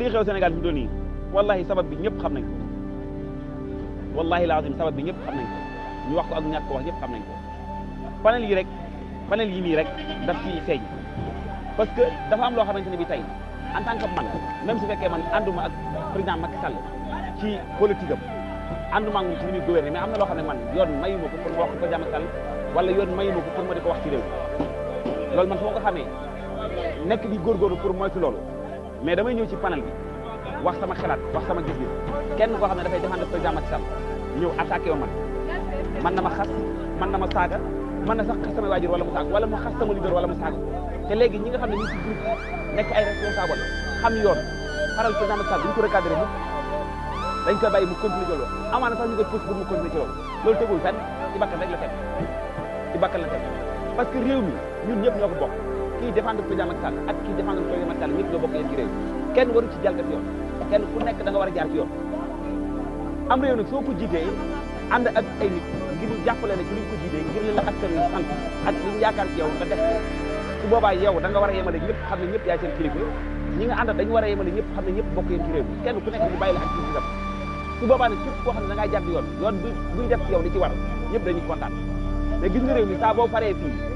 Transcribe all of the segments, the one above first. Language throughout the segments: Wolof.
lii xew Sénégal fi mu nii wallahi sabab bi ñëpp xam nañ ko wallahi laazim sabab bi ñëpp xam ñu wax ko ak ñàkk ko wax ñëpp xam nañ ko panel yi rek panel yi nii rek daf ci feeñ parce que dafa am loo xamante ne bi tey en tant que man même su fekkee man ànduma ak président Macky Sall ci politique am ànduma ak am na loo xam ne man yoon mayuma ko pour ma wax ko président Macky Sall wala yoon mayuma ko pour ma di ko wax ci réew loolu man su ma ko xamee nekk di góor góorgóorlu pour moytu loolu mais damay ñëw ci panel bi wax sama xalaat wax sama gis-gis kenn koo xam ne dafay défendre président Macky Sall ñëw attaqué wu man man na ma xas man na ma saaga man na sax xas sama waajur wala mu saaga wala mu xas sama leader wala mu saaga te léegi ñi nga xam ne ñu ngi ci groupe nekk ay responsable xam yoon faral président Macky Sall duñ ko recadré mu dañ koy bàyyi mu continuer ci loolu amaana sax ñu koy pousse pour mu continuer ci loolu loolu tegul fenn ci bakkan rek la teg ci bakkan la parce que réew mi ñun ñëpp ñoo ko kii défendre président Macky Sall ak kii défendre président Macky Sall ñëpp ñoo bokk yéen ci réew kenn waru ci jalgati yoon kenn ku nekk da war a jaar ci yoon am réew nag soo ko jiitee ànd ak ay nit ngir jàppale ne ci li ñu ko jiitee ngir li la askan wi sant ak li ñu yaakaar ci yow nga def yow da nga war a yemale ñëpp xam ne ñëpp yaay seen kilifa ñi nga àndal dañu war a yemale ñëpp xam ne ñëpp bokk yéen ci réew kenn ku nekk ñu bàyyi la ak ci dam su boobaa koo xam ne da ngaa jàdd yoon yoon buy def ci yow li ci war ñëpp dañuy kontaan mais gis nga réew mi saa boo paree fii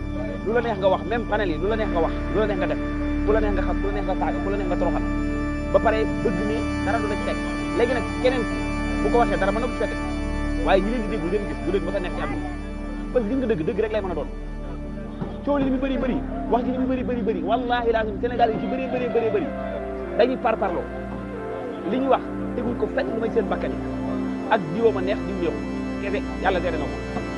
lu la neex nga wax même panel yi lu la neex nga wax lu la neex nga def ku la neex nga xas ku la neex nga saaga ku la neex nga toroxal ba pare bëgg ne dara du la ci fekk léegi nag keneen bu ko waxee dara mën na bu fekk waaye ñu leen di déglu leen gis du leen mën a nekk ci àdduna parce que dëgg dëgg rek lay mën a doon coow li mu bëri bëri wax ji lu mu bëri bëri bëri wallahi lazim Sénégal yi ci bëri bëri bëri bëri dañuy par parloo li ñu wax teguñ ko fenn lu may seen bakkan ak diwoo ma neex diw ñëw kese yàlla tere na ko